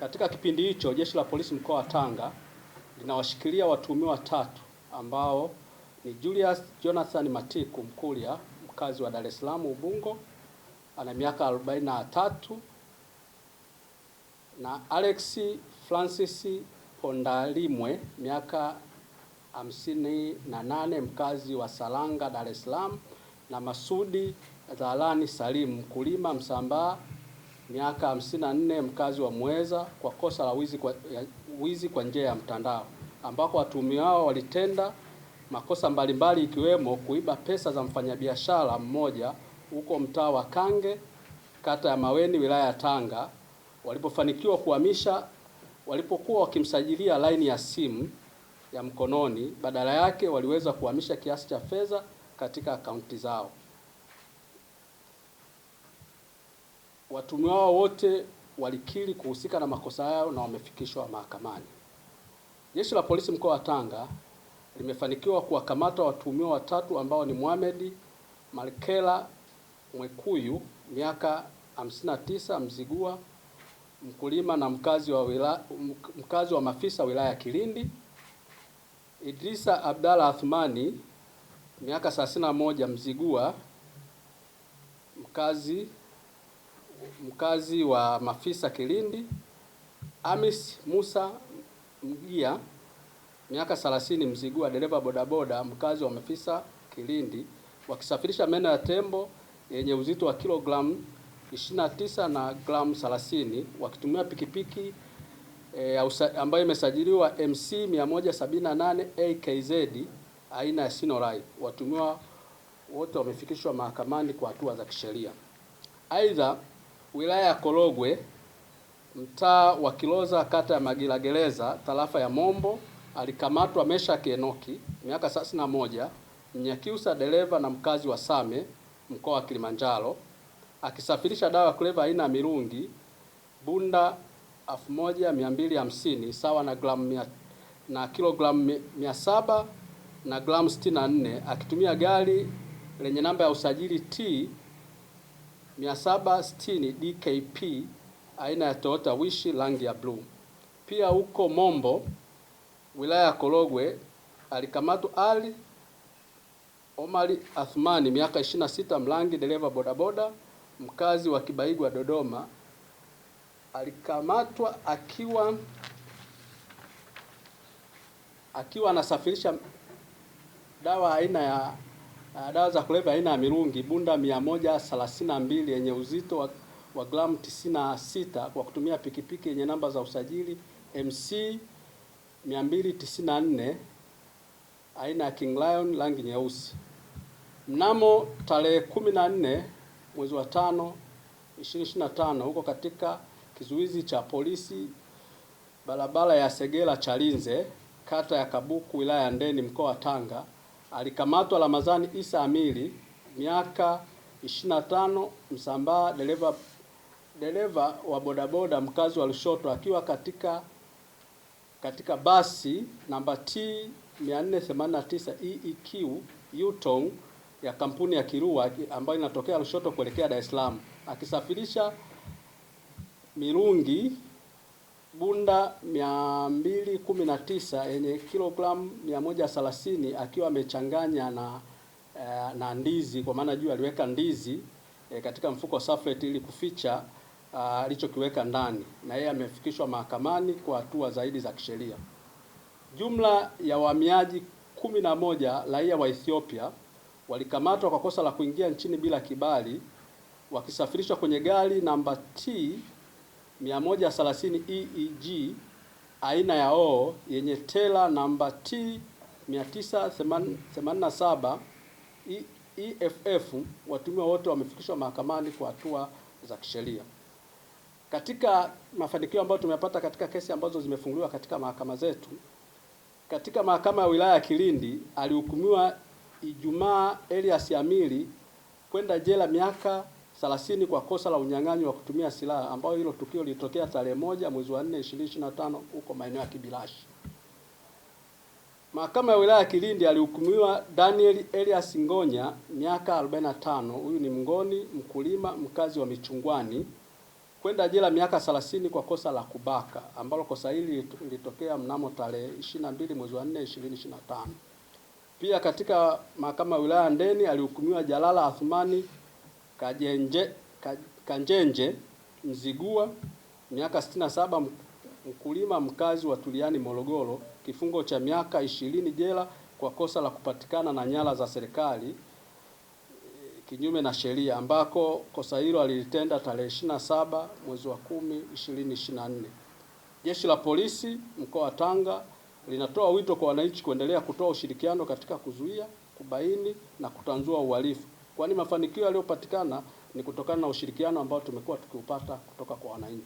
Katika kipindi hicho jeshi la polisi mkoa wa Tanga linawashikilia watuhumiwa watatu ambao ni Julius Jonathan Matiku Mkulia, mkazi wa Dar es Salaam Ubungo, ana miaka 43 na Alex Francis Pondalimwe miaka 58 mkazi wa Saranga Dar es Salaam na Masudi Dhalani Salim mkulima Msambaa miaka 54 mkazi wa mweza kwa kosa la wizi kwa, ya, wizi kwa njia ya mtandao ambako wao walitenda makosa mbalimbali ikiwemo kuiba pesa za mfanyabiashara mmoja huko mtaa wa Kange kata ya Maweni wilaya ya Tanga walipofanikiwa kuhamisha walipokuwa wakimsajilia laini ya simu ya mkononi, badala yake waliweza kuhamisha kiasi cha fedha katika akaunti zao. Watuhumiwa wao wote walikiri kuhusika na makosa yao na wamefikishwa mahakamani. Jeshi la Polisi mkoa wa Tanga limefanikiwa kuwakamata watuhumiwa watatu ambao ni Mohamed malkela Mwekuyu, miaka 59, Mzigua, mkulima na mkazi wa, wila, mkazi wa Mafisa wilaya ya Kilindi; Idrisa Abdalla Athmani, miaka 31, Mzigua, mkazi mkazi wa Mafisa Kilindi, Amis Musa Mgia miaka 30, Mzigua dereva bodaboda mkazi wa Mafisa Kilindi, wakisafirisha meno ya tembo yenye uzito wa kilogramu 29 na gramu 30 wakitumia pikipiki e, ambayo imesajiliwa MC 178 AKZ aina ya Sinorai. Watumiwa wote wamefikishwa mahakamani kwa hatua za kisheria. Aidha, wilaya ya Korogwe, mtaa wa Kiloza, kata ya Magilagereza tarafa ya Mombo, alikamatwa mesha Enoki miaka thelathini na moja Mnyakyusa, dereva na mkazi wa Same, mkoa wa Kilimanjaro, akisafirisha dawa ya kulevya aina ya mirungi bunda 1250 sawa na gramu na kilogramu 700 na gramu 64 akitumia gari lenye namba ya usajili T 760 DKP aina ya Toyota Wish rangi ya bluu. Pia huko Mombo wilaya ya Korogwe alikamatwa Ali Omari Athmani miaka 26, mlangi dereva bodaboda mkazi wa Kibaigwa Dodoma. Alikamatwa akiwa akiwa anasafirisha dawa aina ya Ah, dawa za kulevya aina ya mirungi bunda 132 yenye uzito wa, wa gramu 96 kwa kutumia pikipiki yenye namba za usajili MC 294 aina ya King Lion rangi nyeusi. Mnamo tarehe 14 mwezi wa 5 2025 huko katika kizuizi cha polisi barabara ya Segera Chalinze kata ya Kabuku wilaya ya Ndeni mkoa wa Tanga alikamatwa Ramadhani Isa Amili miaka 25, Msambaa, dereva dereva wa bodaboda mkazi wa Lushoto akiwa katika katika basi namba T 489 EEQ Yutong ya kampuni ya Kirua ambayo inatokea Lushoto kuelekea Dar es Salaam akisafirisha mirungi bunda 219 yenye kilogramu 130 akiwa amechanganya na, eh, na ndizi kwa maana juu aliweka ndizi eh, katika mfuko wa ili kuficha ah, alichokiweka ndani na yeye amefikishwa mahakamani kwa hatua zaidi za kisheria. Jumla ya wahamiaji kumi na moja raia wa Ethiopia walikamatwa kwa kosa la kuingia nchini bila kibali wakisafirishwa kwenye gari namba T 130 EEG aina ya O yenye tela namba T 987 EFF, watumiwa wote wamefikishwa mahakamani kwa hatua za kisheria. Katika mafanikio ambayo tumepata katika kesi ambazo zimefunguliwa katika mahakama zetu, katika mahakama ya wilaya ya Kilindi alihukumiwa Ijumaa Elias Amili kwenda jela miaka 30 kwa kosa la unyang'anyi wa kutumia silaha ambayo hilo tukio lilitokea tarehe moja mwezi wa 4 2025 huko maeneo ya Kibilashi. Mahakama ya wilaya ya Kilindi alihukumiwa Daniel Elias Ngonya miaka 45, huyu ni mgoni mkulima mkazi wa Michungwani, kwenda jela miaka 30 kwa kosa la kubaka ambalo kosa hili lilitokea mnamo tarehe 22 mwezi wa 4 2025. Pia katika mahakama ya wilaya Ndeni alihukumiwa Jalala Athmani Kajenje, Kanjenje Mzigua miaka 67 mkulima mkazi wa Tuliani Morogoro, kifungo cha miaka ishirini jela kwa kosa la kupatikana na nyara za serikali kinyume na sheria ambako kosa hilo alilitenda tarehe 27 mwezi wa 10 2024. Jeshi la Polisi mkoa wa Tanga linatoa wito kwa wananchi kuendelea kutoa ushirikiano katika kuzuia, kubaini na kutanzua uhalifu kwani mafanikio yaliyopatikana ni kutokana na ushirikiano ambao tumekuwa tukiupata kutoka kwa wananchi.